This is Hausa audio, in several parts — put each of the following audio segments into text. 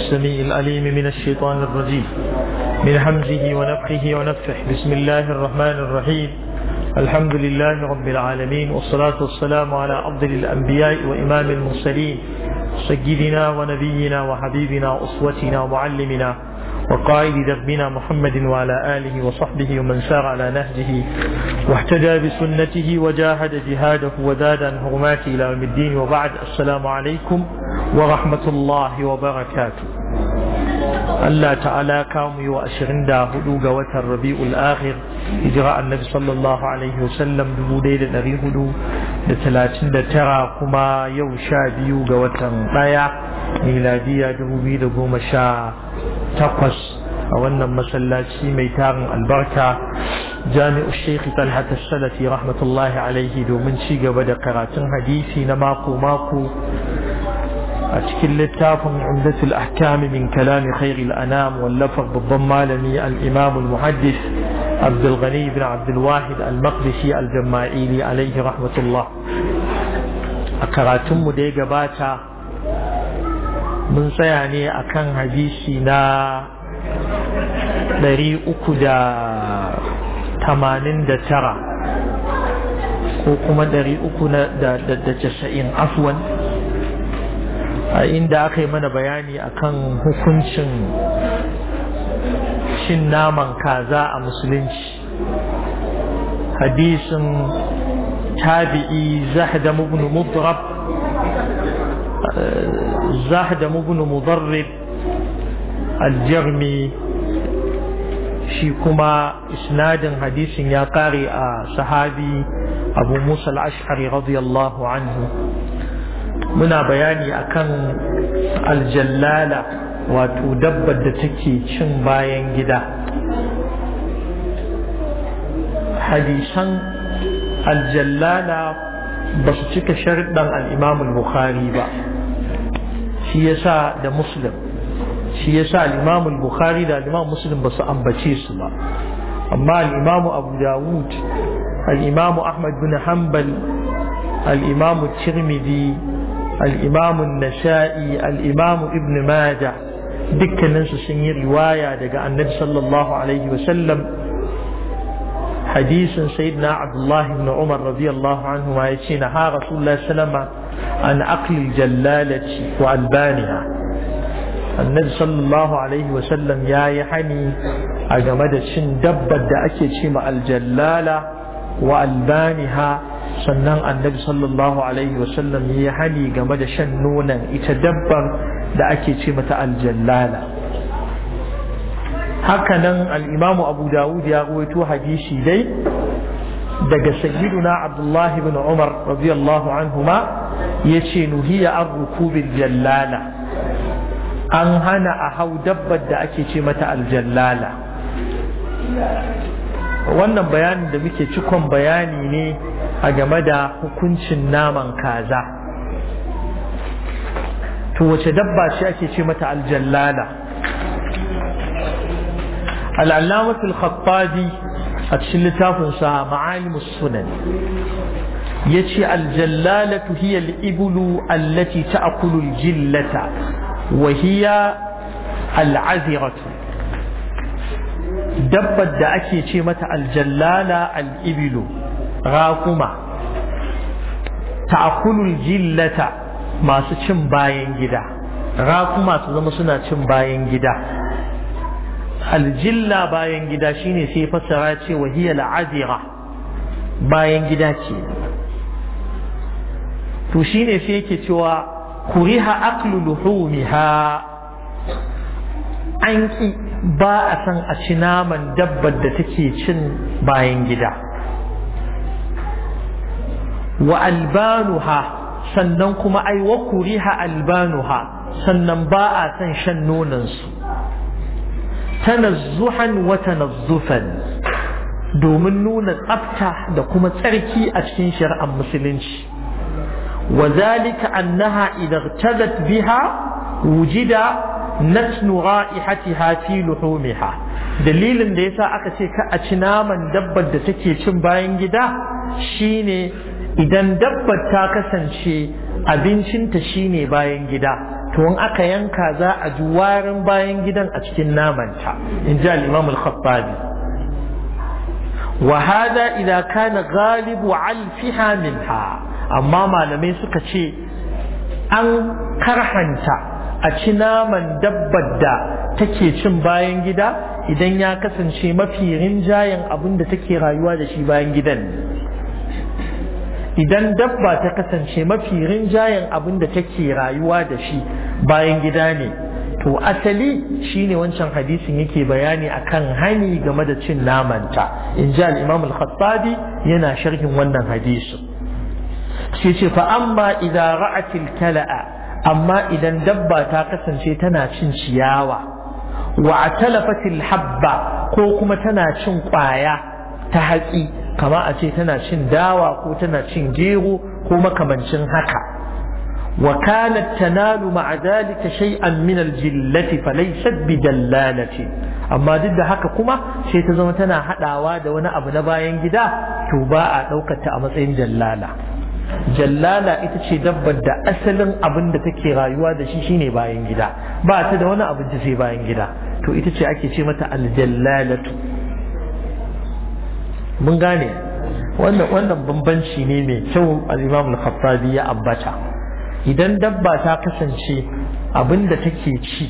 السميع الأليم من الشيطان الرجيم من حمزه ونفخه ونفح بسم الله الرحمن الرحيم الحمد لله رب العالمين والصلاة والسلام على أفضل الأنبياء وإمام المرسلين سيدنا ونبينا وحبيبنا وأسوتنا ومعلمنا وقائد دربنا محمد وعلى آله وصحبه ومن سار على نهجه واهتدى بسنته وجاهد جهاده وزاد عن حرماته إلى يوم الدين وبعد السلام عليكم ورحمة الله وبركاته Allah ta'ala kamu yi wa ashirin da hudu ga watan rabi'ul akhir hijira annabi sallallahu alaihi wasallam dubu ɗaya da ɗari hudu da talatin da tara kuma yau sha biyu ga watan ɗaya miladiya dubu biyu da goma sha takwas a wannan masallaci mai tarin albarka jami'u sheikh talha salafi rahmatullahi alaihi domin ci gaba da karatun hadisi na mako-mako a cikin littafin umdatul ahkami min kalami khairil anam wallafar babban malami al-imam al-muhaddis abdul bin abdulwahid abdul wahid al-maqdisi al-jamma'ili alaihi rahmatullah a karatunmu da ya gabata mun tsaya ne a kan hadisi na 389 ko kuma 390 afwan a inda aka yi mana bayani akan hukuncin cin naman kaza a musulunci hadisin tabi'i zahda ibn mudrab زهدم بن مضرب الجرمي shi kuma isnadin hadisin ya kare a sahabi abu musa al'ashari radiyallahu anhu muna bayani akan aljallala wato dabbar da take cin bayan gida hadisan aljallala ba su cika sharɗan imamul bukhari ba shi yasa da muslim shi yasa al-imam bukhari da al muslim ba su ambace su ba amma al abu dawud al-imam ahmad bin hanbal al-imam tirmidhi al-imam an-nasa'i al ibn majah dukkaninsu sun yi riwaya daga annabi sallallahu alaihi wasallam hadisin sayyidina abdullahi ibn umar radiyallahu anhu ma yace na ha rasulullahi sallama عن عقل الجلالة وألبانها النبي صلى الله عليه وسلم يا يحني أجمد شن دبد أكيد شمع الجلالة وألبانها sannan annabi sallallahu alaihi wasallam ya hali game da shan nonon ita dabbar da ake ce mata aljallala hakanan al'imamu abu dawud ya ruwaito hadisi dai daga sayyiduna abdullahi bin umar radiyallahu anhuma ya ce nuhiya an rukubin jallala an hana a hau dabbar da ake ce mata aljallala wannan bayanin da muke cikon bayani ne a game da hukuncin naman kaza to wace dabba ce ake ce mata aljallala al'allamatul khattabi a cikin littafinsa ma'alimus sunan yace aljallalatu hiya al-iblu allati ta'kulu jillata wa hiya al dabbar da ake ce mata aljallala al-iblu ta a al-jillata masu cin bayan gida raquma su zama suna cin bayan gida aljilla bayan gida shine sai fasara ce wa hiya bayan gida ce to shine sai yake cewa kuriha aklu luhumiha an ba a san a ci naman dabbar da take cin bayan gida wa albanuha sannan kuma ai wa kuriha albanuha sannan ba a san shan nonansu tanazzuhan wa tanazzufan domin nuna tsafta da kuma tsarki a cikin shari'ar musulunci وذلك أنها إذا اغتدت بها وجد نتن رائحتها في لحومها dalilin da yasa aka ce ka a ci naman dabbar da take cin bayan gida shine idan dabbar ta kasance abincinta shine bayan gida to in aka yanka za a ji warin bayan gidan a cikin namanta in ji al-imam al-khattabi wa hada idza kana ghalibu alfiha minha amma malamai suka ce an karhanta a ci naman dabbar da take cin bayan gida idan ya kasance mafi rinjayen abin da take rayuwa da shi bayan gidan idan dabba ta kasance mafi rinjayen abin da take rayuwa da shi bayan gida ne to asali shine wancan hadisin yake bayani akan hani game da cin namanta in ji al-imam al-khattabi yana sharhin wannan hadisin sai ce fa amma idan ra'atil tala'a amma idan dabba ta kasance tana cin ciyawa wa a talafatil habba ko kuma tana cin kwaya ta hatsi kama a ce tana cin dawa ko tana cin gero ko makamancin haka وكانت تنال مع ذلك شيئا من الجلة فليست amma duk da haka kuma sai ta zama tana haɗawa da wani abu na bayan gida to ba a ɗaukata a matsayin dallala jallala ita ce dabbar da asalin abin da take rayuwa da shi shine bayan gida ba ta da wani abinci sai bayan gida to ita ce ake ce mata aljallalatu mun gane wannan wannan bambanci ne mai kyau al-Imam al-Khattabi ya ambata idan dabba ta kasance abin da take ci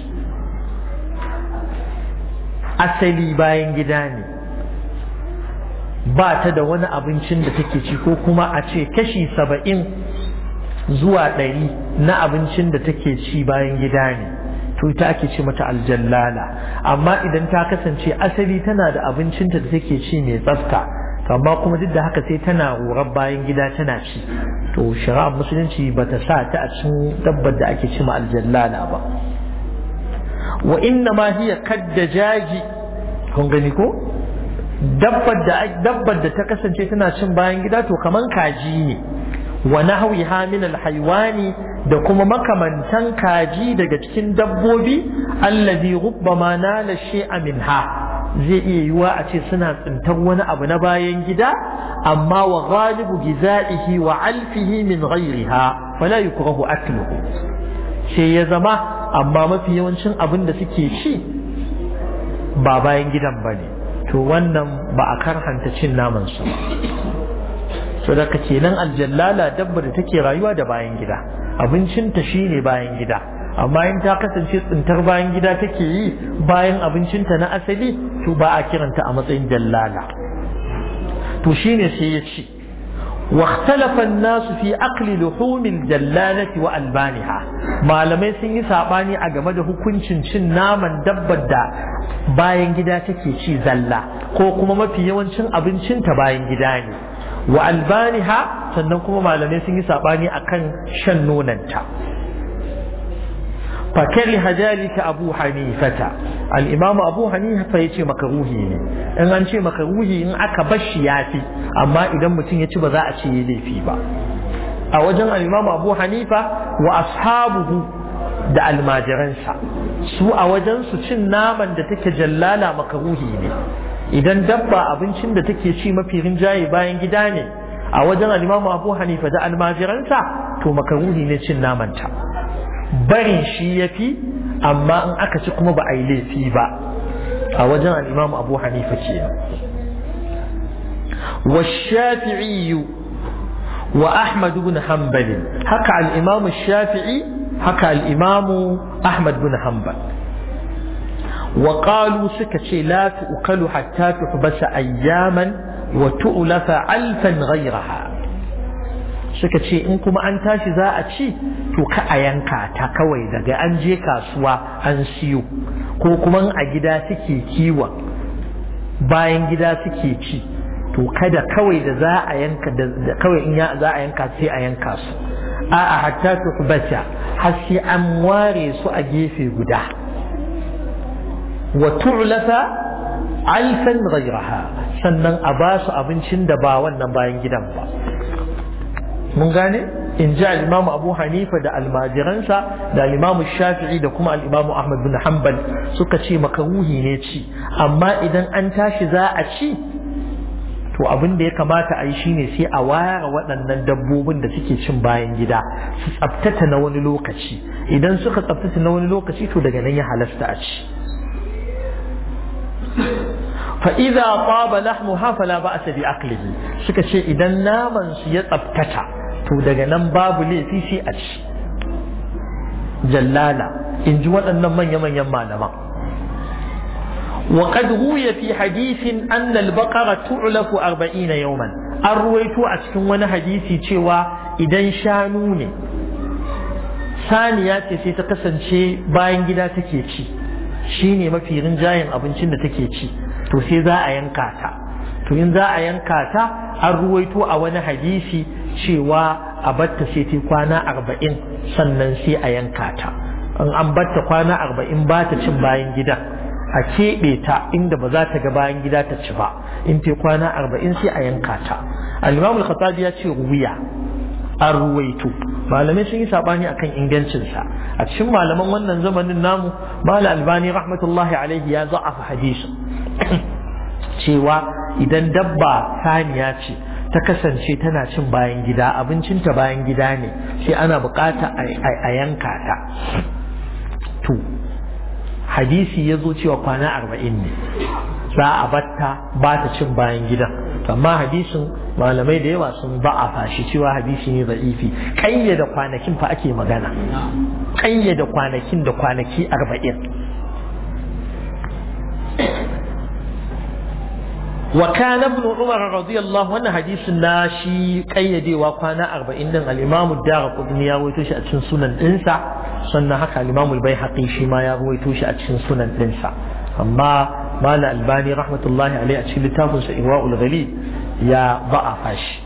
asali bayan gida ne ba ta da wani abincin da take ci ko kuma a ce kashi saba'in zuwa ɗari na abincin da take ci bayan gida ne to ita ake ce mata aljallala amma idan ta kasance asali tana da abincinta da take ci mai tsafta amma kuma duk da haka sai tana horar bayan gida tana ci to shara'ar musulunci ba ta sa ta a cikin dabbar da ake ci ma aljallala ba wa inna ma hiya kadda jaji kun gani ko dabbar da ta kasance tana cin bayan gida to kaman kaji ne wa nahwi haminal haiwani da kuma makamantan kaji daga cikin dabbobi allazi rubbama nala shay'a minha zai iya yiwa a ce suna tsintar wani abu na bayan gida amma wa ghalibu gizaihi wa alfihi min ghairiha wala yukrahu akluhu sai ya zama amma mafi yawancin abin da suke ci ba bayan gidan bane to wannan ba a karhanta cin naman su so da kenan aljallala dabba da take rayuwa da bayan gida abincinta shine bayan gida amma in ta kasance tsintar bayan gida take yi bayan abincinta na asali to ba a kiranta a matsayin jallala to shine sai ya ce واختلف الناس في أقل لحوم الجلالة وألبانها ما لم يسن ساباني أجمده كنشن شن ناما دبدا باين جدا تكي شي زلا كوكما ما في يوان شن أبن شن تباين جداني وألبانها سنن كما ما لم يسن ساباني أكن شن نونن فكره ذلك أبو حنيفة الإمام أبو حنيفة يتي مكروهي إن أنت مكروهي إن أكبش ياتي أما إذا متين يتي بذا أتي يلي في با أوجن الإمام أبو حنيفة وأصحابه da almajiransa su a su cin naman da take jallala makaruhi ne idan dabba abincin da take ci mafi rinjaye bayan gida ne a wajen alimamu abu hanifa da almajiransa to makaruhi ne cin namanta barin shi ya fi amma in aka ci kuma ba a yi laifi ba a wajen al'imamu abu hanifa ke wa shafi'iyu wa ahmad bin hanbal haka al'imamu shafi'i haka al'imamu ahmad bin hanbal wa qalu suka ce la tu'kalu hatta tuhbasa ayyaman wa tu'lafa alfan ghayraha suka ce in kuma an tashi za a ci to ka a yanka ta kawai daga an je kasuwa an siyo ko kuma a gida suke kiwa bayan gida suke ci to kada kawai da za a yanka da kawai in za a yanka sai a yanka su a'a hatta tuhbata har sai an ware su a gefe guda wa tu'lafa alfan ghayraha sannan a ba su abincin da ba wannan bayan gidan ba mun gane in ji al abu hanifa da almajiransa da al shafi'i da kuma al ahmad bin hanbal suka ce makaruhi ne ci amma idan an tashi za a ci to abin da ya kamata a yi shine sai a ware waɗannan dabbobin da suke cin bayan gida su tsabtata na wani lokaci idan suka tsabtata na wani lokaci to daga nan ya halasta a ci fa idza taba lahmuha fala a bi aqlihi suka ce idan naman su ya tsabtata to daga nan babu laifi shi a ci jallala in ji waɗannan manya-manyan malaman وقد روي في حديث أن البقرة تعلف أربعين يوما الرويت أتكن وانا حديثي تشوى إذا شانوني ثانية ta kasance bayan باين جدا تكيتشي Shi ne mafi rinjayen abincin da take ci to sai za a yanka ta to in za a yanka ta an ruwaito a wani hadisi cewa a batta sai ta kwana arba'in sannan sai a yanka ta in an batta kwana arba'in ba ta cin bayan gida a keɓe ta inda ba za ta ga bayan gida ta ci ba in ta kwana arba'in sai a yanka ta al-imam ya ce ruwiya an ruwaito malamai sun yi sabani akan ingancinsa a cikin malaman wannan zamanin namu mala albani rahmatullahi alaihi ya za'afa hadisi cewa idan dabba saniya ce ta kasance tana cin bayan gida abincinta bayan gida ne sai ana bukata a yanka ta to hadisi ya zo cewa kwana arba'in ne za a batta ba ta cin bayan gidan amma hadisin malamai da yawa sun ba'afa shi cewa hadisi ne daifi kayyada kwanakin fa ake magana kayyada kwanakin da kwanaki arba'in wa kana ibn umar radiyallahu anhu hadisin na shi kayyadewa kwana arba'in din al-imam ad ya rawaito shi a cikin sunan dinsa sannan haka al-imam al-baihaqi shi ma ya rawaito shi a cikin sunan dinsa amma mala albani rahmatullahi alaihi a cikin littafin sa iwa'ul ghali ya a fashi.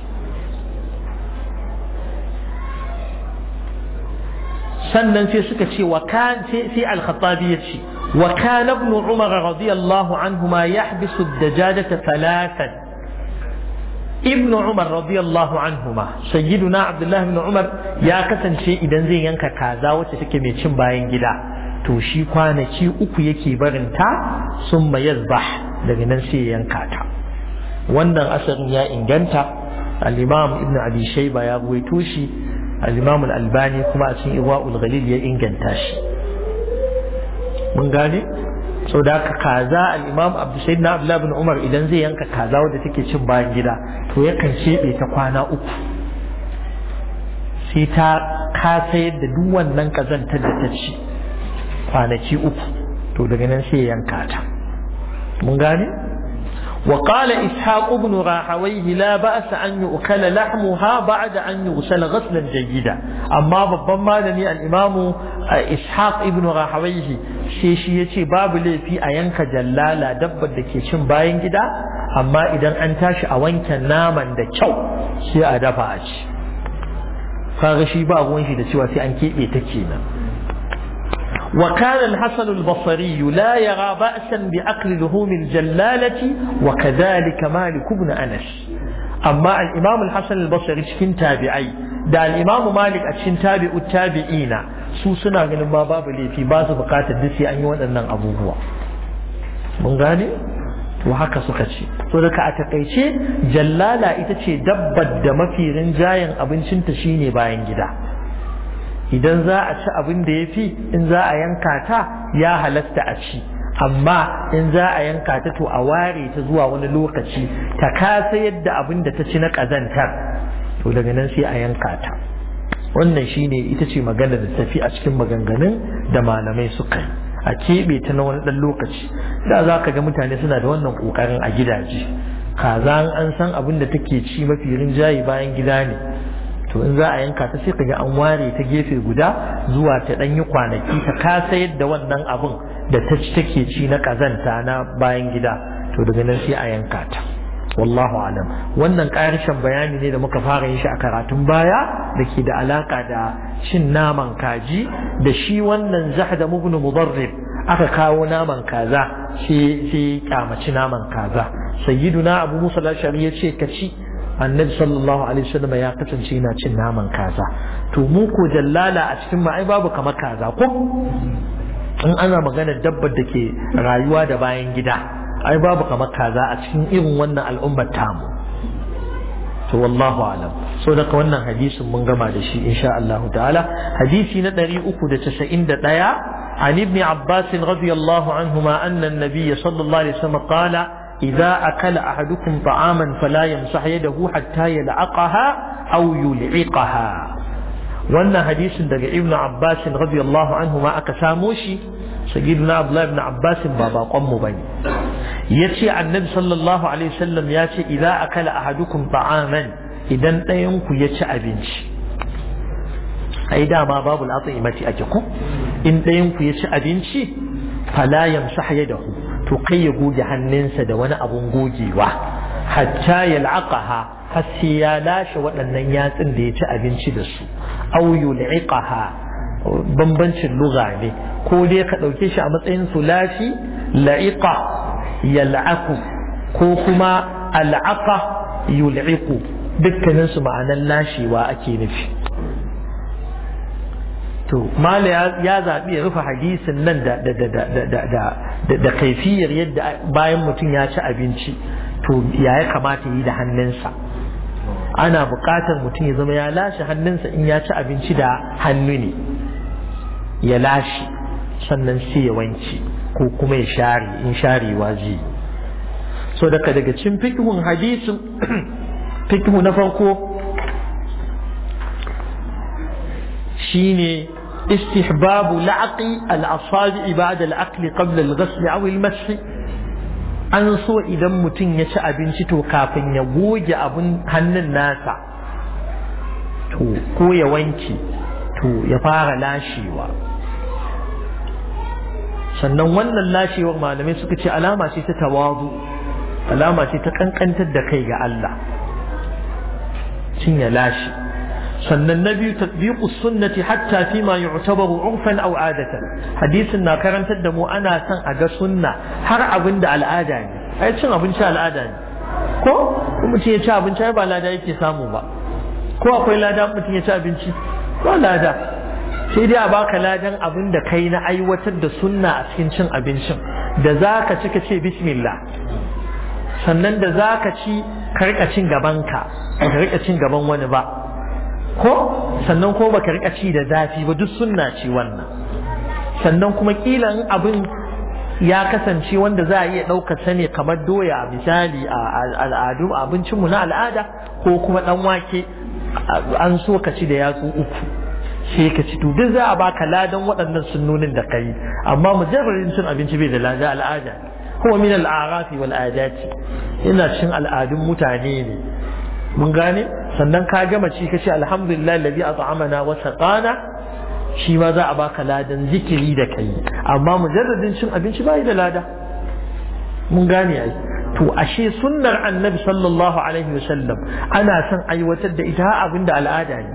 sannan sai suka ce wa sai al-khattabi ya ce wa kan ibn umar radiyallahu anhuma yahbisu ad-dajajata thalathan ibn umar radiyallahu anhuma sayyiduna abdullah ibn umar ya kasance idan zai yanka kaza wacce take mai cin bayan gida to shi kwanaki uku yake barin ta sun yazbah daga nan sai yanka ta wannan asarin ya inganta al-imam ibn abi shayba ya ruwaito shi al-imam al-albani kuma a cikin iwa'ul ghalil ya inganta shi mun gane so da ka kaza al-imam abu sayyidina abdullah ibn umar idan zai yanka kaza wadda take cin bayan gida to yakan shebe ta kwana uku sai ta ka sayar da duk wannan kazantar da ta ci kwanaki uku to daga nan sai yanka ta mun gane وقال إسحاق بن راحويه لا بأس أن يؤكل لحمها بعد أن يغسل غسلا جيدا أما ببما لني الإمام إسحاق بن راحويه شيشية باب لي في أينك جلالة دب دكيشن باين جدا أما إذا أنتاش أوانك ناما دكو سي أدفعش فغشي باغوين شي دسوا سي أنكي بيتكينا وكان الحسن البصري لا يرى بأسا بأكل لحوم الجلالة وكذلك مالك بن أنس أما الإمام الحسن البصري شكين تابعي دا الإمام مالك أشين تابع التابعين سوسنا من ما باب في بعض بقات الدسي أن يوان أنن أبو هو من غالي وهكا سكتشي سوداك أتقيتشي جلالة إتشي دبت دم في رنجاين أبن شنتشيني باين جدا idan za a ci abin da ya fi in za a yanka ta ya halatta a ci amma in za a yanka ta to a ware ta zuwa wani lokaci ta kasa yadda abin da ta ci na ƙazantar to daga nan sai a yanka ta wannan shine ita ce magana da tafi a cikin maganganun da malamai suka yi a keɓe ta na wani ɗan lokaci da za ka ga mutane suna da wannan ƙoƙarin a gidaje kaza an san abin da take ci mafi rinjaye bayan gida ne to in za a yanka ta sai ka ga an ware ta gefe guda zuwa ta ɗan yi kwanaki ta kasa yadda wannan abin da ta ci take ci na ƙazanta na bayan gida to daga nan sai a yanka ta wallahu alam wannan karshen bayani ne da muka fara yin shi a karatun baya da ke da alaka da cin naman kaji da shi wannan zahda mubnu mudarrib aka kawo naman kaza sai sai kyamaci naman kaza sayyiduna abu musa lashari ya ce ka annabi sallallahu alaihi wasallam ya kasance yana cin naman kaza to mu ko jallala a cikin mu ai babu kamar kaza ko in ana maganar dabbar da ke rayuwa da bayan gida ai babu kamar kaza a cikin irin wannan al'ummar tamu to wallahu alam so daga wannan hadisin mun gama da shi insha Allah ta'ala hadisi na 391 عن ابن عباس رضي الله عنهما أن النبي صلى الله عليه وسلم قال idza akala ahadukum ta'aman fala yamsah yadahu hatta yal'aqaha aw yul'iqaha wannan hadisin daga ibn abbas radiyallahu anhu ma aka samo shi sayyidina abdullah ibn abbas ba bakon mu bane yace annabi sallallahu alaihi wasallam yace idza akala ahadukum ta'aman idan ɗayan ku ya ci abinci ai dama babu al'atsi ake ku in ɗayan ku ya ci abinci fala yamsah yadahu to kai ya goge hannunsa da wani abun gogewa hatta yal'aqaha har sai ya lashe waɗannan yatsun da ya ci abinci da su aw yul'iqaha bambancin lugha ne ko dai ka ɗauke shi a matsayin sulafi la'iqa yal'aqu ko kuma al'aqa yul'iqu dukkaninsu ma'anan lashewa ake nufi to mali ya zaɓi ya rufe hadisin nan da da da da da kaifiyar yadda bayan mutum ya ci abinci to ya ya kamata yi da hannunsa ana buƙatar mutum ya zama ya lashe hannunsa in ya ci abinci da hannu ne ya lashe sannan sai ya wanci ko kuma ya share in sharewa zai so daga daga cin fikihun hadisin fikihu na farko shine istihbabu la'aqi al-asabi ba'da al-aqli qabla an so idan mutum ya ci abinci to kafin ya goge abun hannun nasa to ko ya wanke to ya fara lashewa sannan wannan lashewar malamai suka ce alama ce ta tawazu alama ce ta kankantar da kai ga Allah cin ya lashe sannan na biyu tatbiqu sunnati hatta fi ma yu'tabaru urfan aw adatan hadisin na karantar da mu ana son a ga sunna har abin da al'ada ne ai cin abinci al'ada ne ko mutum ya ci abinci ba lada yake samu ba ko akwai lada mutum ya ci abinci Ko lada sai dai a baka ladan abin da kai na aiwatar da sunna a cikin cin abincin da za ka ci ka ce bismillah sannan da za ka ci ka rika cin gabanka ka rika cin gaban wani ba ko sannan ko baka rika ci da zafi ba duk sunna ci wannan sannan kuma kila abin ya kasance wanda za a iya ɗaukar sa kamar doya misali a al'adu abincinmu na al'ada ko kuma ɗan wake an so ka ci da yatsu uku sai ka ci duk za a baka ladan waɗannan sunnonin da kai amma mujarrarin cin abinci bai da lada al'ada kuma min al'arafi wal adati ina cin al'adun mutane ne mun gane sannan ka gama ci ka ce alhamdulillah ladhi at'amana wa saqana shi ma za a baka ladan zikiri da kai amma mujarradin cin abinci bai da lada mun gane ai to ashe sunnar annabi sallallahu alaihi sallam ana son aiwatar da ita abinda al'ada ne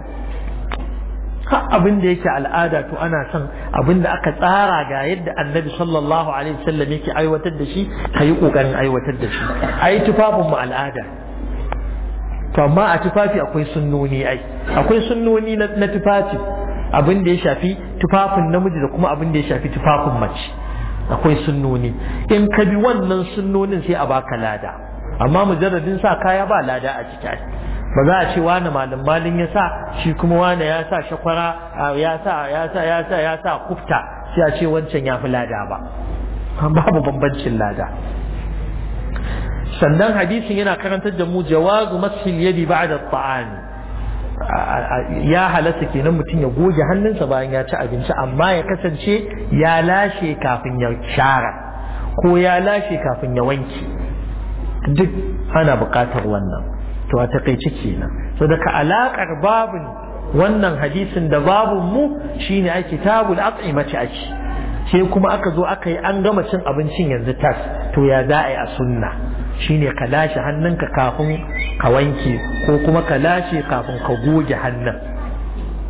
ha abin da yake al'ada to ana son abin da aka tsara ga yadda annabi sallallahu alaihi sallam yake aiwatar da shi kayi yi ƙoƙarin aiwatar da shi ai tufafin mu al'ada to amma a tufafi akwai sunnoni ai akwai sunnoni na tufafi abin da ya shafi tufafin namiji da kuma abin da ya shafi tufafin mace akwai sunnoni in ka bi wannan sunnonin sai a baka lada amma mujarradin sa kaya ba lada a ciki ba za a ce wani malin malin ya sa shi kuma wani ya sa shakwara ya sa ya sa ya sa ya sa kufta sai a ce wancan ya fi lada ba babu bambancin lada sannan hadisin yana karantar da mu jawazu mashil yadi ba'da ta'ami ya halatta kenan mutum ya goge hannunsa bayan ya ci abinci amma ya kasance ya lashe kafin ya shara ko ya lashe kafin ya wanke duk ana buƙatar wannan to a takaice kenan so daga alaƙar babin wannan hadisin da babin mu shine ai kitabul at'imati ake sai kuma aka zo aka yi an gama cin abincin yanzu tas to ya za a yi a sunna shine ka lashe hannunka kafin ka wanke ko kuma ka lashe kafin ka goge hannun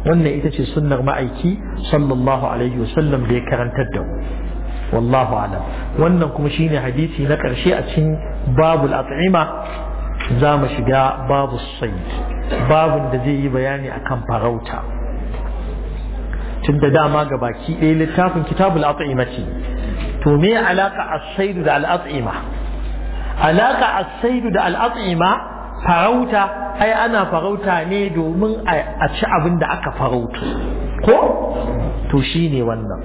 wannan ita ce sunnar ma'aiki sallallahu alaihi wasallam da ya karantar da wallahu alam wannan kuma shine hadisi na karshe a cikin babul at'ima za mu shiga babu sayd babun da zai yi bayani akan farauta tun da dama ga baki ɗaya littafin kitabul at'ima ce to me alaka as da al'at'ima alaka as-saidu da al-at'ima farauta ai ana farauta ne domin a ci abin da aka farautu ko to shine wannan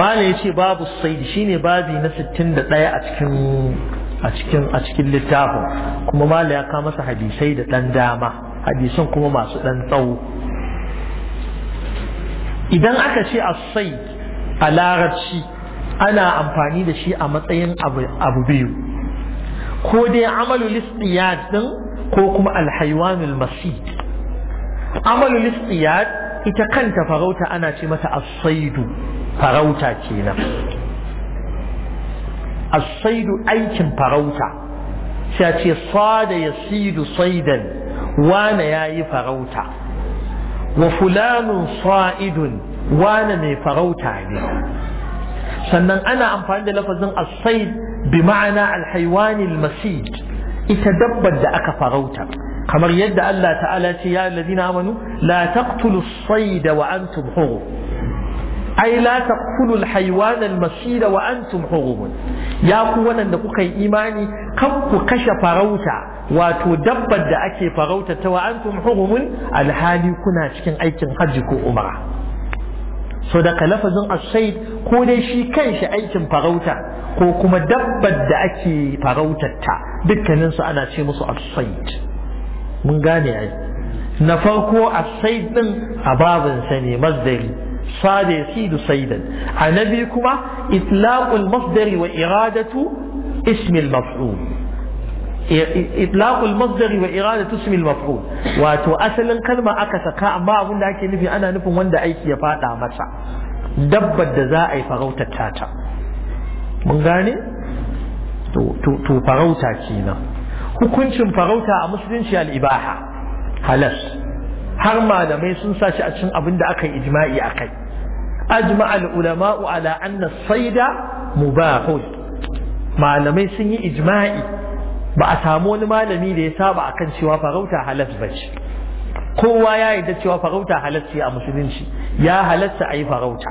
mala ya ce babu saidi shine babi na 61 a cikin a cikin a cikin littafin kuma mala ya kama masa hadisai da ɗan dama hadisan kuma masu ɗan tsawo idan aka ce a sai a larabci ana amfani da shi a matsayin abu biyu ko dai amalu listiyad din ko kuma alhaiwanul masid amalu ita kanta farauta ana ce mata saidu farauta kenan saidu aikin farauta sai a ce sada ya sidu saidan wana ya yi farauta wa fulanun sa'idun wana mai farauta ne sannan ana amfani da lafazin as bi ma'ana al-haywani masid ita dabbar da aka farauta kamar yadda Allah ta'ala ce ya alladhina amanu la taqtulu as-sayd wa antum hurum ai la taqtulu al-haywani wa antum hurum ya ku waɗanda kuka yi imani kan ku kashe farauta wato dabbar da ake farauta ta wa antum hurumun alhali kuna cikin aikin hajji ko umra so daga lafazin asaid ko dai shi kanshi aikin farauta ko kuma dabbar da ake farautarta dukkaninsu ana ce musu asaid. mun gane ai na farko asaid din a babin sa ne masdari sada yasidu saidan a na biyu kuma itlaqul masdari wa iradatu ismil maf'ul itlaqul masdari wa iradatu ismi al-maf'ul wato asalin kalma aka saka amma abunda ake nufi ana nufin wanda aiki ya fada masa dabbar da za a yi farautar tata mun gane to farauta kenan hukuncin farauta a musulunci al-ibaha halas har malamai sun sa shi a cikin abin da aka yi ijma'i akai ajma al-ulama'u ala anna sayda mubahun malamai sun yi ijma'i ba a samu wani malami da ya saba akan cewa farauta halas ba ce kowa ya yi da cewa farauta halas ce a musulunci ya halasta a yi farauta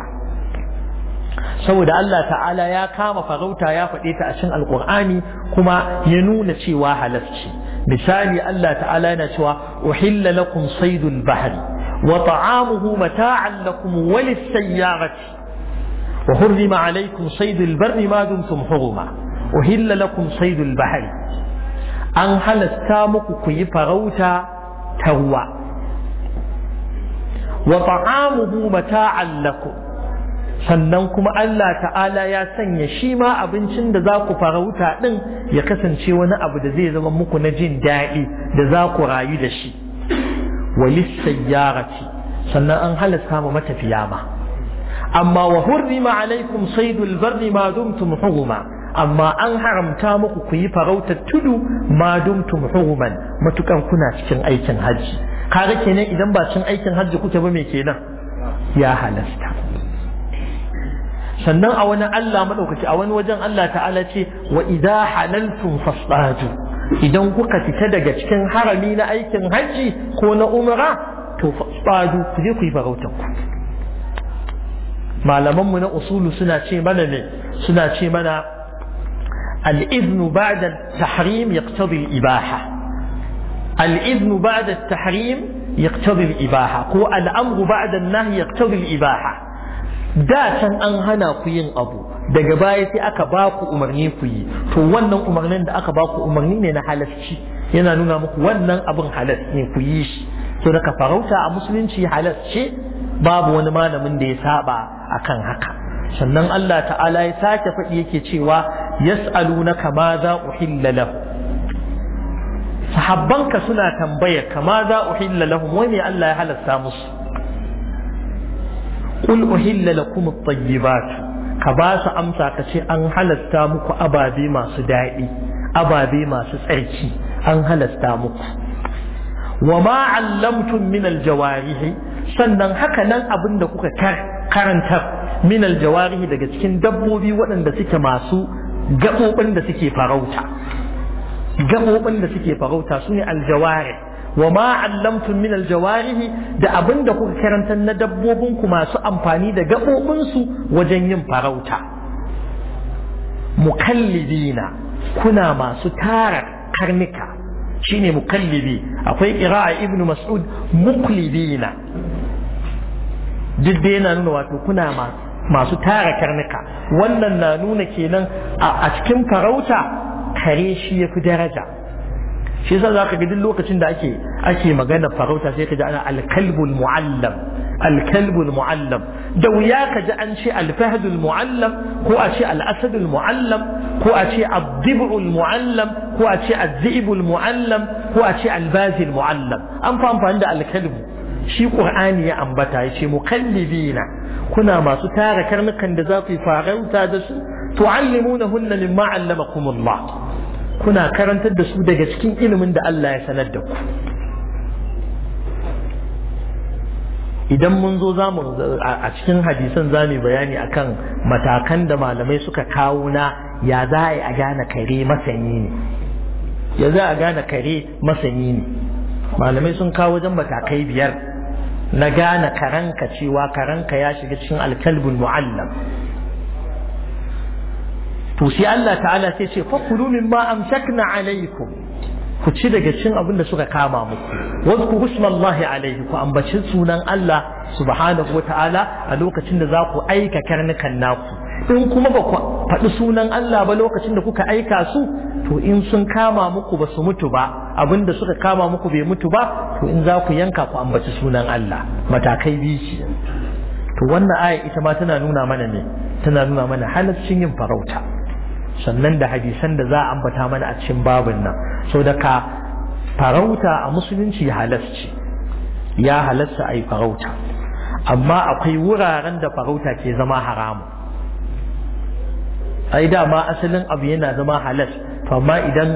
saboda Allah ta'ala ya kama farauta ya faɗe ta a cikin alƙur'ani kuma ya nuna cewa halas ce misali Allah ta'ala yana cewa uhilla lakum saydul bahri wa ta'amuhu mata'an lakum wa lis-sayyarati wa hurrima alaykum saydul barri ma dumtum huruma uhilla lakum saydul bahri an halasta muku ku yi farauta ta ruwa wa ta'amuhu mata'an lakum sannan kuma Allah ta'ala ya sanya shi ma abincin da za ku farauta ɗin, ya kasance wani abu da zai zama muku na jin daɗi da za ku rayu da shi wa lissayyarati sannan an halasta mu matafiya ma amma wa hurrima alaikum saydul barri ma dumtum huruma amma an haramta muku ku yi farautar tudu ma dumtum huruman matukan kuna cikin aikin hajji kaga kenan idan ba cikin aikin hajji kuke ba me kenan ya halasta sannan a wani Allah madaukaki a wani wajen Allah ta'ala ce wa idza halaltum fasdaju idan kuka fita daga cikin harami na aikin hajji ko na umra to fasdaju ku je ku yi farautar ku malamanmu na usulu suna ce mana ne suna ce mana الإذن بعد التحريم يقتضي الإباحة الإذن بعد التحريم يقتضي الإباحة هو الأمر بعد النهي يقتضي الإباحة da can an hana ku yin abu daga baya sai aka ba ku umarni ku yi to wannan umarnin da aka ba ku umarni ne na halasci yana nuna muku wannan abin halas ne ku yi shi to daga farauta a musulunci halas ce babu wani malamin da ya saba akan haka sannan Allah ta'ala ya sake faɗi yake cewa yas'alunaka ma za uhilla lahu sahabbanka suna tambaya kama za uhilla lahum wai me Allah ya halasta musu qul uhilla lakum at-tayyibat ka ba su amsa ka ce an halasta muku ababe masu daɗi ababe masu tsarki an halasta muku wa ma min aljawarihi sannan haka nan abin da kuka karantar min aljawarihi daga cikin dabbobi waɗanda suke masu gaɓoɓin da suke farauta gaɓoɓin da suke farauta su ne aljawari wa ma allamtum min aljawarihi da abin da kuka karantar na dabbobinku masu amfani da gaɓoɓinsu wajen yin farauta mukallidina kuna masu tara karnika shine mukallibi akwai qira'a ibnu mas'ud muklibina. duk da yana nuna wato kuna masu tara karnuka wannan na nuna kenan a cikin farauta kare shi ya fi daraja shi yasa za ka ga duk lokacin da ake ake magana farauta sai ka ji ana alkalbul mu'allam الكلب المعلم دو ياك جانشي الفهد ko هو أشي الأسد المعلم ko أشي الضبع المعلم هو أشي الذئب المعلم هو أشي الباز المعلم أم فهم فهند الكلب shi ƙur'ani ya ambata ya ce na? kuna masu tara karnukan da za su farauta da su tu'allimunahunna mimma 'allamakumullah kuna karantar da su daga cikin ilimin da Allah ya sanar da ku idan mun zo zamu a cikin hadisan zamu bayani akan matakan da malamai suka kawo na ya za a gane kare masani ne ya za a gane kare masani ne malamai sun kawo wajen matakai biyar na gane karanka cewa karanka ya shiga cikin alkalbin mu'allam to shi Allah ta'ala sai ce fakulu mimma amsakna alaikum ku ci daga cin abin da suka kama muku wasu ku husmallahi alaihi ku ambaci sunan Allah subhanahu wa ta'ala a lokacin da za ku aika karnukan naku in kuma ba ku faɗi sunan Allah ba lokacin da kuka aika su to in sun kama muku ba su mutu ba abin da suka kama muku bai mutu ba to in za ku yanka ku ambaci sunan Allah matakai biyu ce to wannan aya ita ma tana nuna mana ne tana nuna mana halaccin yin farauta sannan da hadisan da za a ambata mana a cikin babin nan so da ka farauta a musulunci halasci ya halasta a yi farauta amma akwai wuraren da farauta ke zama haramu ai ma asalin abu yana zama halas to amma idan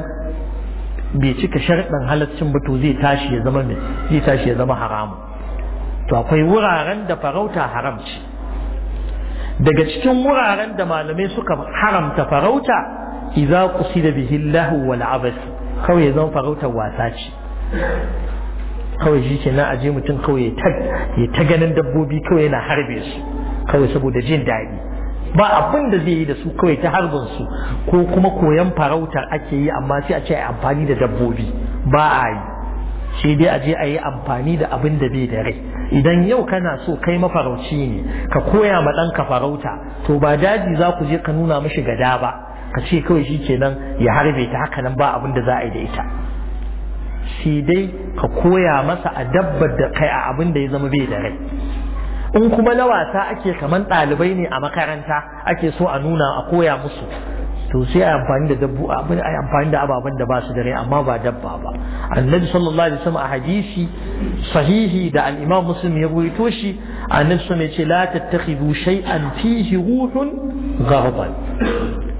bai cika sharɗin halascin ba to zai tashi ya zama zai tashi ya zama haramu to akwai wuraren da farauta haramci ce daga cikin wuraren da malamai suka haramta farauta idza qusida bihi Allahu wal abas kawai zan farauta wasa ce kawai shi kenan aje mutum kawai ya ta ganin dabbobi kawai yana harbe su kawai saboda jin daɗi ba abin da zai yi da su kawai ta harbin su ko kuma koyan farautar ake yi amma sai a ce amfani da dabbobi ba a yi Shi dai a je a yi amfani da abin da bai da rai idan yau kana so kai mafarauci ne ka koya ma ka farauta to ba daji za ku je ka nuna mashi gada ba ka ce kawai shi kenan ya harbe ta haka nan ba abin da za a yi da ita Shi dai ka koya masa a dabbar da kai a abin da ya zama bai da rai in kuma na wasa ake kamar ɗalibai ne a makaranta ake so a nuna a koya musu to sai a amfani da dabbu abin amfani da ababen da ba su da rai amma ba dabba ba annabi sallallahu alaihi wasallam a hadisi sahihi da al-imam muslim ya ruwaito shi annabi sun ce la tattakhidu shay'an fihi ruhun ghadban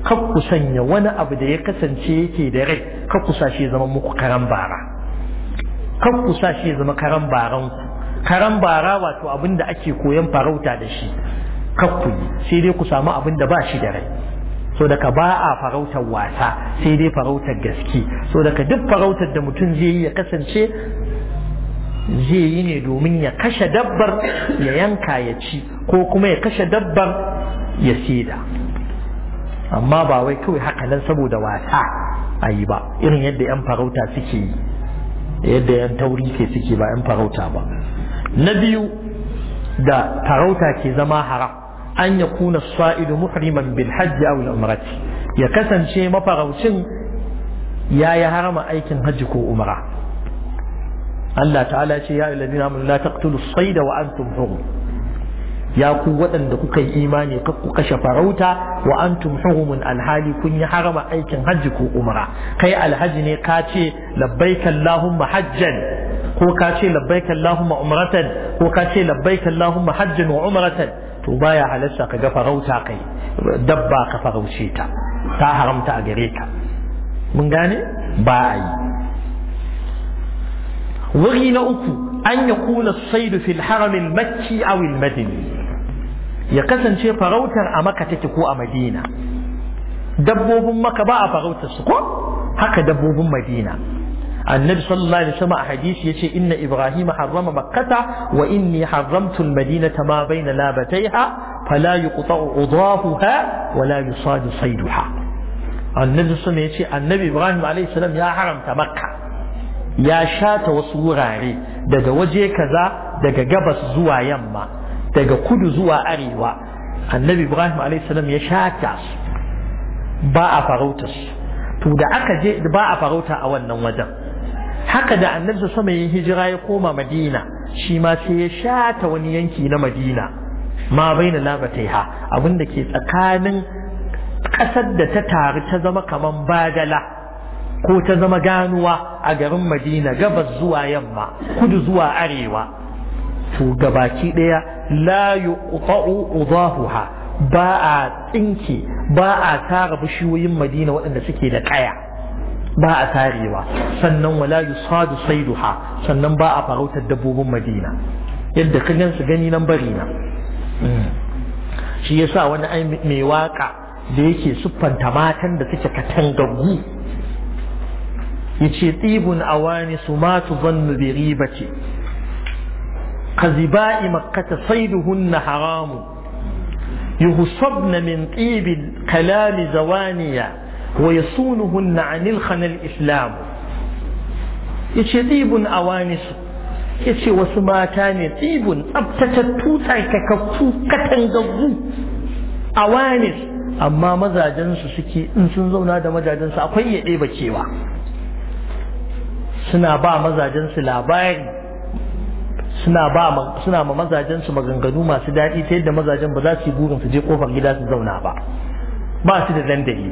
kar ku sanya wani abu da ya kasance yake da rai kar ku sashi zama muku karan bara kar ku sashi zama karan baran karan bara wato abin da ake koyan farauta da shi kar ku sai dai ku samu abin da ba shi da rai so daga ba a farautar wasa sai dai farautar gaske so daga duk farautar da mutum zai yi ya kasance zai yi ne domin ya kashe dabbar ya yanka ya ci ko kuma ya kashe dabbar ya seda amma ba wai kawai haka nan saboda wasa a yi ba irin yadda 'yan farauta suke yi yadda 'yan tauri ke suke ba 'yan farauta ba na biyu da farauta ke zama haram an ya kuna sa'idu muhriman bil hajji aw ya kasance mafaraucin ya yi harama aikin hajji ko umra Allah ta'ala ce ya ayyuhallazina amanu la taqtulu as wa antum hurum ya ku waɗanda kuka yi imani kar ku kashe farauta wa antum hurumun alhali kun yi harama aikin hajji ko umra kai alhaji ne ka ce labbaika allahumma hajjan ko ka ce labbaika allahumma umratan ko ka ce labbaika allahumma hajjan wa umratan to baya halarta ka ga farauta kai dabba ka farauce ta ta haramta a gare ka mun gane ba a yi wuri na uku an ya kuna saidu fil haramin makki a madini ya kasance farautar a maka take ko a madina dabbobin maka ba a farautar su ko haka dabbobin madina annabi sallallahu alaihi wasallam a hadisi yace inna ibrahim harrama makkata wa inni harramtu almadinata ma baina labataiha fala yuqta'u udahuha wa la yusadu sayduha annabi sallallahu yace annabi ibrahim alaihi salam ya haramta makka ya shata wasu wurare daga waje kaza daga gabas zuwa yamma daga kudu zuwa arewa annabi ibrahim alaihi salam ya shata ba a farautar to da aka je ba a farauta a wannan wajen haka da annabi sama ya hijira ya koma madina shi ma sai ya shata wani yanki na madina ma bai na labatai ha abinda ke tsakanin kasar da ta taru ta zama kaman badala ko ta zama ganuwa a garin madina gabas zuwa yamma kudu zuwa arewa to gabaki ɗaya la yuqta'u udahuha ba a tsinke ba a tara bishiyoyin madina waɗanda suke da ƙaya ba a tarewa sannan wala yusadu saiduha sannan ba a farautar dabbobin madina yadda ka gansu gani nan bari na hmm. shi yasa wani ai mai waka da yake siffanta matan da suke katangaggu yace tibun awani sumatu zannu bi ribati kaziba'i makkata saiduhunna haramu yuhsabna min tibil kalami zawaniya ويصونهن عن الخنا الإسلام yace ɗibin awanisu yace wasu mata ne ɗibin tsabtatattu tsarkakakku katangaggu awanis amma mazajensu suke in sun zauna da su akwai ya ɗeba kewa suna ba su labari suna ba suna ma mazajensu maganganu masu daɗi ta yadda mazajen ba za su yi burin su je kofar gida su zauna ba ba su da dandali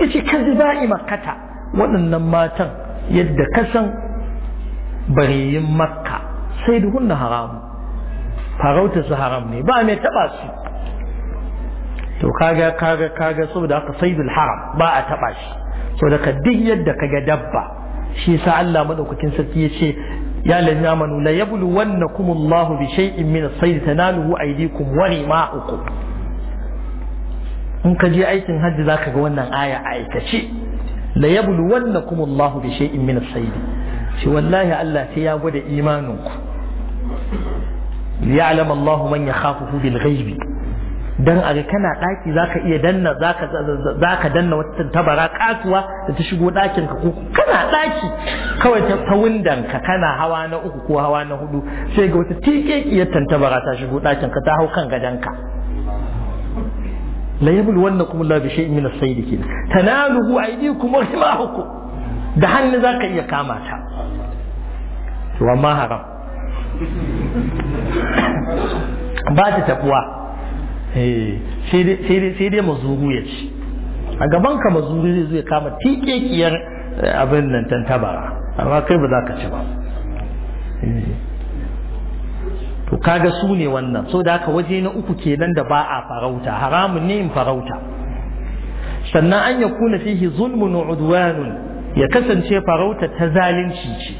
yace kadhiba'i makata waɗannan matan yadda kasan bareyin makka sai na haramu farauta su haram ne ba mai taɓa su to kaga kaga kaga saboda haka saidul haram ba a taba shi saboda ka duk yadda kaga dabba shi sa Allah madaukakin sarki yace ya lazina amanu la yabluwannakum Allahu bi shay'in min as-sayd tanaluhu aydikum wa rima'ukum in ka je aikin hajji zaka ga wannan aya a aikace la yabluwannakum Allahu bi shay'in min as-sayd shi wallahi Allah sai ya gwada imaninku liya'lam Allahu man yakhafuhu bil ghaibi dan a ga kana daki zaka iya danna zaka zaka danna wata tabara kasuwa da ta shigo dakin ka ko kana daki kawai ta tawindan ka kana hawa na uku ko hawa na hudu sai ga wata tikekiyar tantabara ta shigo dakin ka ta hau kan ka. la wannan kuma bi shay'in min as-sayd kin tanaluhu aydikum wa rimahukum da hannu zaka iya kama ta to amma haram ba ta tabuwa eh sai dai mazuru ya ci a gaban ka mazuru zai zo ya kama tikekiyar eh, abin nan tantabara amma kai ba za ka ci ba eh. to kaga su ne wannan so da haka waje na uku kenan da ba a farauta haramun ne in farauta sannan an ya kuna fihi zulmun udwanun ya kasance farauta ta zalunci ce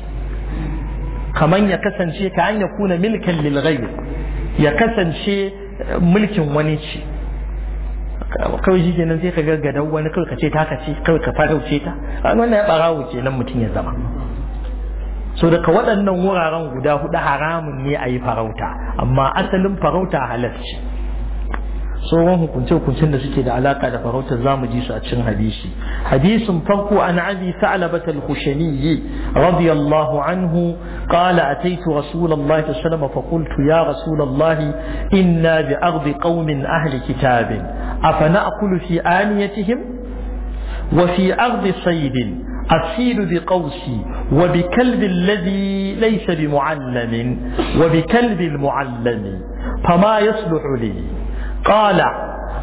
kaman ya kasance ka an ya kuna milkan lil ya kasance eh, mulkin wani ce kawai shi kenan sai ka gaggadan wani kawai ka ce ta ka ce kawai ka farauce ta wannan ya barawo kenan mutum ya zama so daga waɗannan wuraren guda hudu haramun ne a yi farauta amma asalin farauta halarci sauran hukunce hukuncin da suke da alaka da farautar zamu ji su a cin hadisi hadisin farko an abi sa'labat al-khushaniyyi radiyallahu anhu qala ataitu rasulullahi sallallahu alaihi fa ya rasulullahi inna bi ardi qaumin ahli kitabin afana na'kulu fi aniyatihim wa fi ardi saydin أسير بقوسي وبكلب الذي ليس بمعلم وبكلب المعلم فما يصلح لي قال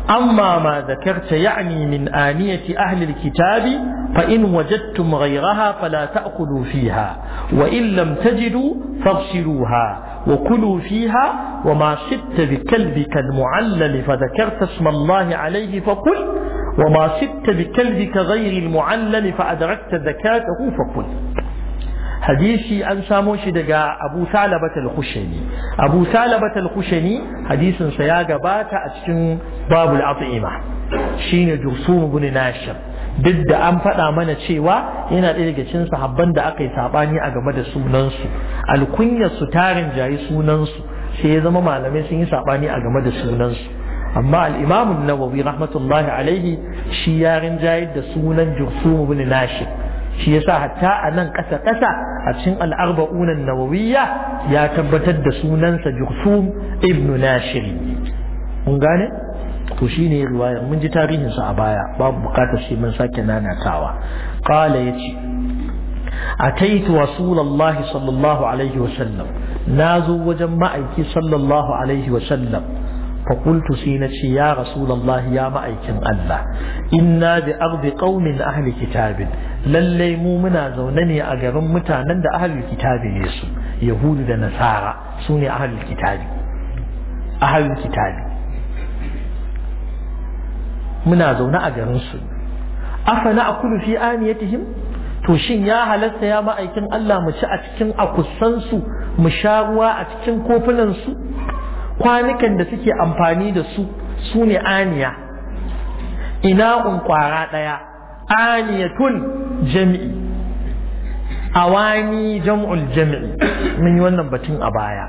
أما ما ذكرت يعني من آنية أهل الكتاب فإن وجدتم غيرها فلا تأكلوا فيها وإن لم تجدوا فاغسلوها وكلوا فيها وما شئت بكلبك المعلل فذكرت اسم الله عليه فقل وما شئت بكلبك غير المعلم فأدركت ذكاته فكل hadisi an samo shi daga Abu Salabat al-Khushani Abu Salabat al-Khushani hadisin sa ya gabata a cikin babul at'ima shine Jursum ibn Nashir duk da an faɗa mana cewa yana ɗaya daga cikin sahabban da aka yi sabani a game da sunan alkunyar su tarin jayi sunansu. sai ya zama malamai sun yi saɓani a game da sunansu. amma al nawawi rahmatullahi alaihi shi ya rinjayar da sunan jursum ibn nashi shi yasa hatta a nan ƙasa ƙasa a cikin al'arba'unan arbaun ya tabbatar da sunansa jursum ibn nashir mun gane to shine riwaya mun ji tarihinsa a baya babu bukatar shi mun sake nanatawa qala yace ataitu rasulullahi sallallahu alaihi wasallam nazo wajen ma'aiki sallallahu alaihi wasallam فقلت سينتي يا رسول الله يا مأيكن الله إنا بأرض قوم أهل كتاب للي مؤمنا زونني أجرم متانا دا أهل الكتاب يسو يهود دا نصارى سوني أهل الكتاب أهل الكتاب منا زونا أجرم سو أفنا أكل في آنيتهم to shin ya halatta ya ma'aikin Allah mu ci a cikin akusansu mu sha ruwa a cikin kofunansu kwanukan da suke amfani da su su ne aniya ina'un kwara ɗaya aniyatun jami'i awani jam'ul jami'i mun yi wannan batun a baya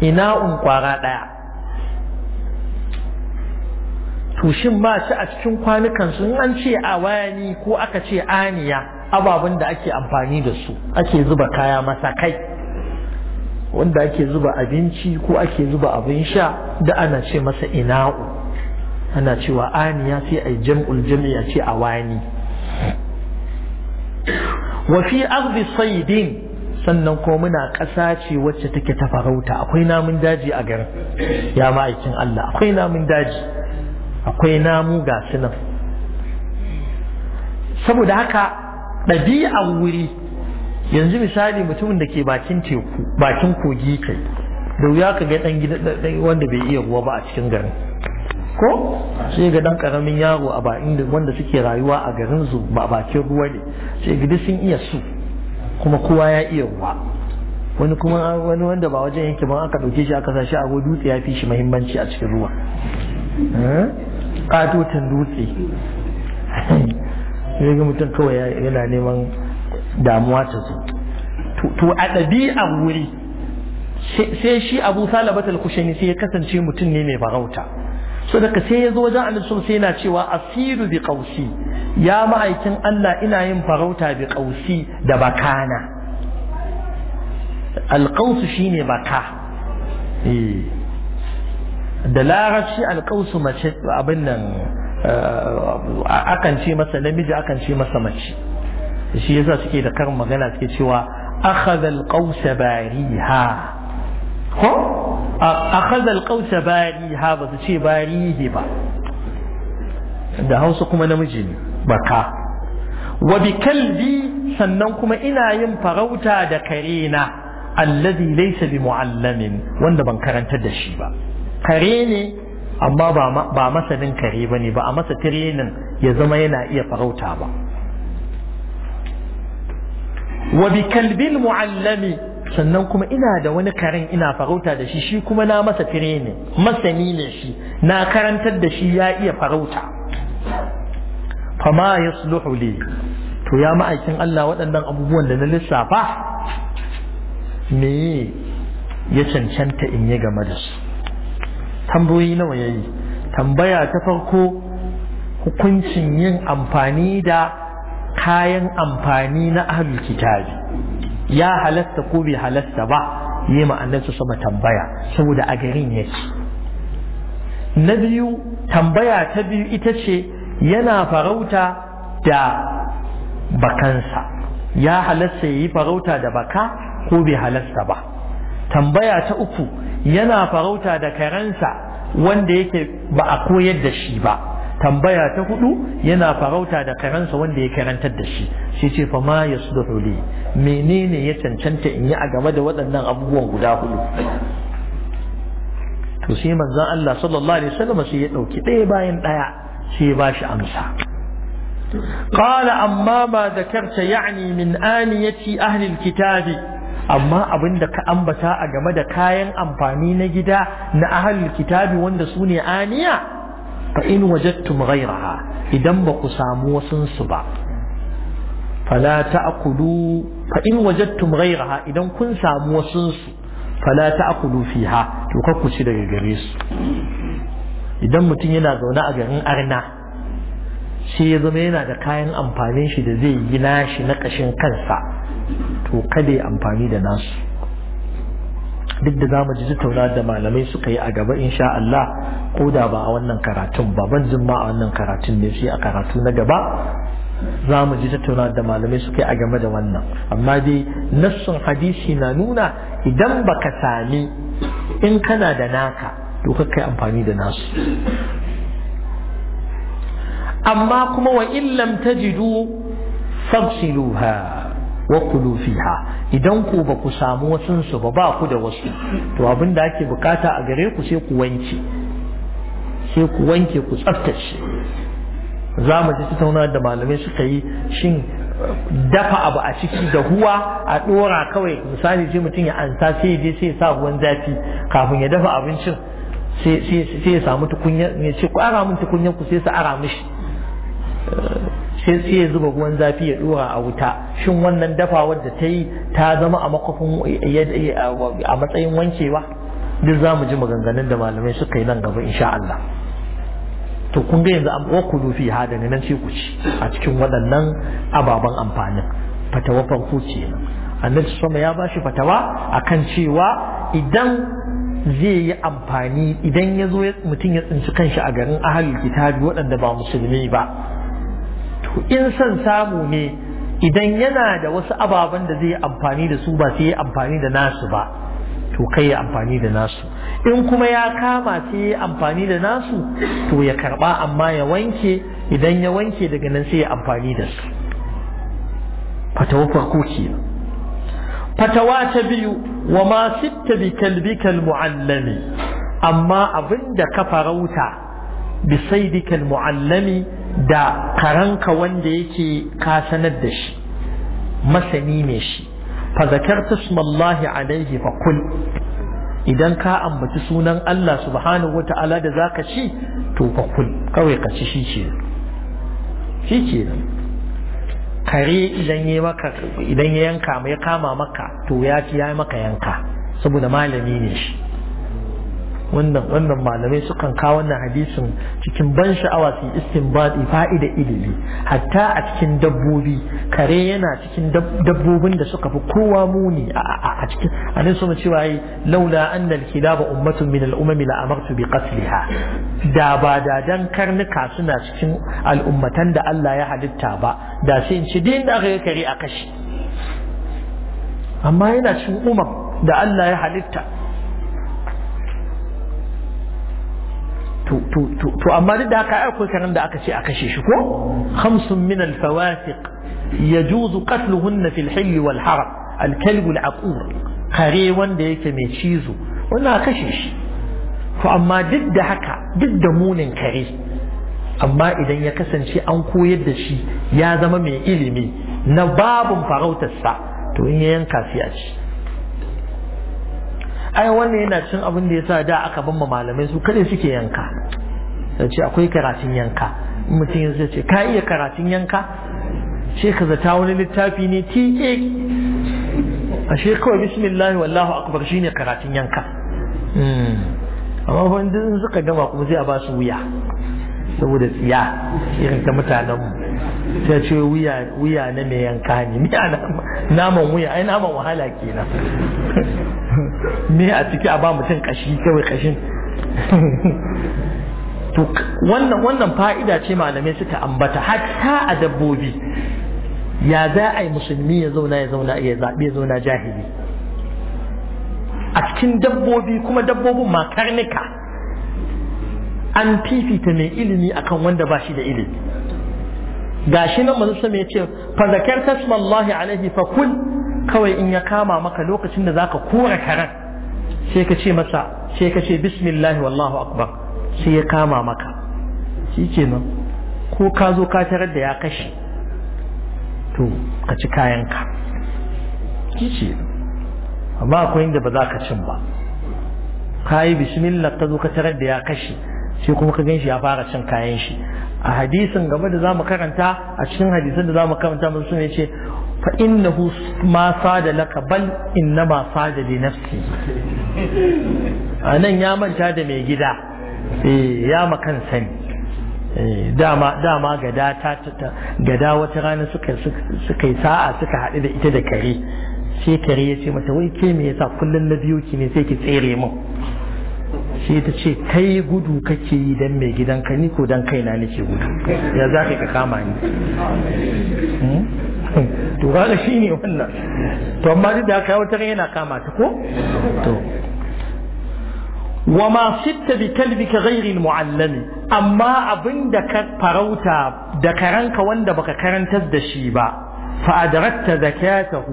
ina'un kwara ɗaya to shin ba shi a cikin kwanukan su an ce awani ko aka ce aniya ababen da ake amfani da su ake zuba kaya masakai wanda ake zuba abinci ko ake zuba abin sha da ana ce masa ina'u ana cewa aniya sai a jam'ul jam'i a ce awani wa fi ardi saydin sannan ko muna ƙasa ce wacce take ta farauta akwai namun daji a garin ya ma'aikin Allah akwai namun daji akwai namu ga sunan saboda haka ɗabi'ar wuri yanzu misali mutumin da ke bakin teku bakin kogi kai da wuya ka ga dan gida wanda bai iya ruwa ba a cikin garin ko sai ga dan karamin yaro a ba inda wanda suke rayuwa a garin su ba bakin ruwa ne sai gidi sun iya su kuma kowa ya iya ruwa wani kuma wani wanda ba wajen yake ba aka dauke shi aka sashi a go dutse ya fi shi muhimmanci a cikin ruwa katotin eh? dutse sai ga mutum kawai yana neman damuwa ta zo to a ɗabi'ar wuri sai shi abu salabat al-kushani sai ya kasance mutum ne mai farauta so daga sai ya zo wajen annabi sai yana cewa asiru bi qausi ya ma'aikin Allah ina yin farauta bi qausi da bakana al-qaus shine baka eh da larabci al-qaus mace abin nan eh, akan ce masa namiji akan ce masa mace shi yasa suke da karin magana suke cewa akhadha qausa bariha ko akhadha qausa bariha ba su ce barihi ba da Hausa kuma namiji ne baka wa bi kalbi sannan kuma ina yin farauta da karena na laysa bi muallamin wanda ban karantar da shi ba kare ne amma ba masanin kare ba ne, ba a masa tirenin ya zama yana iya farauta ba wa bi muallami sannan kuma ina da wani karen ina farauta da shi shi kuma na masa training masani ne shi na karantar da shi ya iya farauta fama yasluhu li to ya ma'aikin Allah waɗannan abubuwan da na lissafa me ya cancanta in yi game da su tambayoyi nawa yayi tambaya ta farko hukuncin yin amfani da kayan amfani na ahlul kitabi ya halasta ko bai halasta ba yi ma annabi sama tambaya saboda a garin yake na biyu tambaya ta biyu ita ce yana farauta da bakansa ya halasta ya yi farauta da baka ko bai halasta ba tambaya ta uku yana farauta da karensa wanda yake ba a koyar da shi ba tambaya ta hudu yana farauta da karansa wanda ya karantar da shi shi ce fa ma yasluhu li menene ya cancanta in yi a game da waɗannan abubuwan guda hudu to sai manzon Allah sallallahu alaihi wasallam sai ya dauki ɗaya bayan ɗaya sai ya bashi amsa qala amma ma zakarta ya'ni min aniyati ahli kitabi, amma abinda ka ambata a game da kayan amfani na gida na ahli kitabi wanda su ne aniya fa in wajattum ghayraha idan ba ku samu wasun ba fala ta'kulu fa in wajattum ghayraha idan kun samu wasun su fala ta'kulu fiha to kar ku ci daga gare su idan mutum yana zaune a garin arna sai ya zama yana da kayan amfanin shi da zai yi nashi na kashin kansa to kada ya amfani da nasu duk da zamu ji tattauna da malamai suka yi a gaba insha Allah ko da ba a wannan karatun ba ban jin ma a wannan karatun ne shi a karatu na gaba za mu ji tattauna da malamai suka yi a game da wannan amma dai nassun hadisi na nuna idan baka sami in kana da naka to kai amfani da nasu amma kuma wa in lam tajidu fagsiluha wa fiha idan ku ba ku samu wasansu su ba ba ku da wasu to abin da ake bukata a gare ku sai ku wanke sai ku wanke ku tsaftace za mu ji tattauna da malamai suka yi shin dafa abu a ciki da huwa a dora kawai misali sai mutum ya ansa sai je sai sa ruwan zafi kafin ya dafa abincin sai ya samu tukunya ya ce ku ara min tukunyar ku sai su ara mishi sai sai ya zuba ruwan zafi ya dora a wuta shin wannan dafa da ta yi ta zama a makofin a matsayin wankewa duk za mu ji maganganun da malamai suka yi nan gaba insha Allah to kun ga yanzu an ku dufi hada ne nan sai ku ci a cikin waɗannan ababan amfanin fatawa farko ce annabi sama ya ba shi fatawa akan cewa idan zai yi amfani idan ya zo mutum ya tsinci kanshi a garin ahalin kitabi waɗanda ba musulmi ba in son samu ne idan yana da wasu ababen da zai amfani da su ba sai ya amfani da nasu ba to kai ya amfani da nasu in kuma ya kama sai ya amfani da nasu to ya karba amma ya wanke idan ya wanke daga nan sai ya amfani da su fatawa farko ke fatawa ta biyu wa ma sitta bi kalbikal muallami amma abinda ka farauta bi saidikal muallami da karanka wanda yake ka sanar da shi masani ne shi fa zakarta smallahi alaihi fa kul idan ka ambaci sunan Allah subhanahu wa ta'ala da zaka ci to fa kul kawai ka ci shi ce shi ce kare idan ya maka idan ya yanka mai kama maka to ya ci ya maka yanka saboda malami ne shi wannan wannan malamai sukan kawo wannan hadisin cikin ban sha'awa su istinbadi fa'ida ilimi hatta a cikin dabbobi kare yana cikin dabbobin da suka fi kowa muni a cikin anan su cewa yi laula anna al-kilaba ummatun min al-umami la amartu bi qatliha da ba da dan karnuka suna cikin al'ummatan da Allah ya halitta ba da sai in ci din da aka kare a kashi amma yana cikin umar da Allah ya halitta to amma duk da haka ai akwai karen da aka ce a kashe shi ko khamsun min al-fawasiq yajuzu qatluhunna fil hil wal haram al-kalb al-aqur kare wanda yake mai cizo wannan kashe shi to amma duk da haka duk da munin kare amma idan ya kasance an koyar da shi ya zama mai ilimi na babun farautarsa to in ya yanka sai a ci ai wannan yana cin abin da yasa da aka ban malamai su kada suke yanka sai ce akwai karatun yanka mutum yanzu ce ka iya karatun yanka ce ka zata wani littafi ne A ashe kawai bismillah wallahu akbar shine karatun yanka hmm. amma ban din suka gama kuma sai a ba su wuya saboda tsiya irin ta mutanen mu. ta ce wuya na mai yanka ne naman wuya ai naman wahala kenan me a ciki a ba mutum kashi kawai kashin to wannan wannan fa'ida ce malamai suka ambata hatta a dabbobi ya za a yi musulmi ya zauna ya zauna ya zaɓe ya zauna jahili a cikin dabbobi kuma dabbobin ma karnuka an fifita mai ilimi akan wanda ba shi da ilimi Ga shi nan manzo sama yace fa zakarta smallahi alaihi fa kul kawai in ya kama maka lokacin da zaka kora karan sai ka ce masa sai ka ce bismillah wallahu akbar sai ya kama maka ke nan ko ka zo ka tarar da ya kashe to ka ci kayanka kici amma akwai inda ba za ka cin ba ka yi bismillah ka zo ka tarar da ya kashe sai kuma ka ganshi ya fara cin kayan shi a hadisin game da za mu karanta a cikin hadisan da za mu karanta mun sun ce, fa innahu ma sada laka bal ma sada li nafsi anan ya manta da mai gida eh ya makan sani eh, dama gada wata rana suka yi sa'a suka haɗu da ita da kare sai kare ya ce mata wai ke me yasa kullun na biyo ki ne sai ki tsere mu sai ta ce kai gudu kake yi dan mai gidanka ni ko dan kaina nake gudu ya za ka kama ni hmm? to shi ne wannan to amma duk da haka wata yana kama ta ko to وما صدت بكلبك غير المعلم أما أبن دك فروتا دكرنك وان دبك كرنت الدشيبا فأدركت زكاته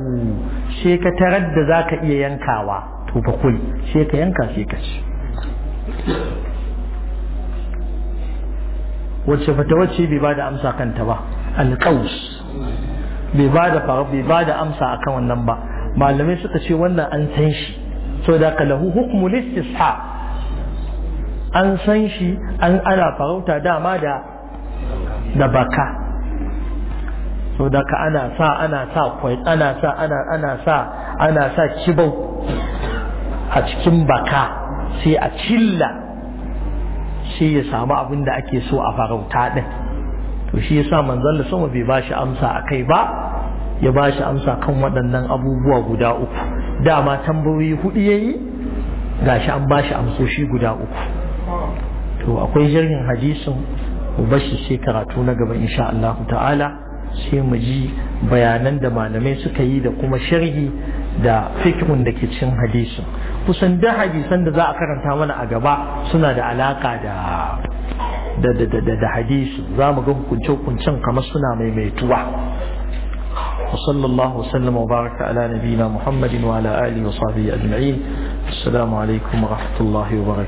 شيك ترد ذاك إيا ينكاوا فقل شيك ينكا شيكش wacce wacce bai ba da amsa kanta ba alƙaus bai ba da bai ba da amsa akan wannan ba malamai suka ce wannan an san shi da ka lahu hukmul istisha an san shi an ana farauta dama da da baka da ka ana sa ana sa kwai ana sa ana ana sa ana sa kibau a cikin baka sai a cilla sai ya samu abin da ake so a farauta ɗin to shi yasa manzon da sama bai bashi amsa a kai ba ya bashi amsa kan waɗannan abubuwa guda uku dama tambayoyi hudu yayi gashi an bashi amsoshi guda uku to akwai jirgin hadisin bashi sai karatu na gaba insha Allah ta'ala sai mu ji bayanan da malamai suka yi da kuma sharhi da fikirin da ke cikin hadisin kusan da hadisan da za a karanta mana a gaba suna da alaka da da da da da hadisi za mu ga hukunce hukuncen kamar suna maimaituwa وصلى الله وسلم وبارك على نبينا محمد وعلى اله وصحبه اجمعين السلام عليكم ورحمه الله وبركاته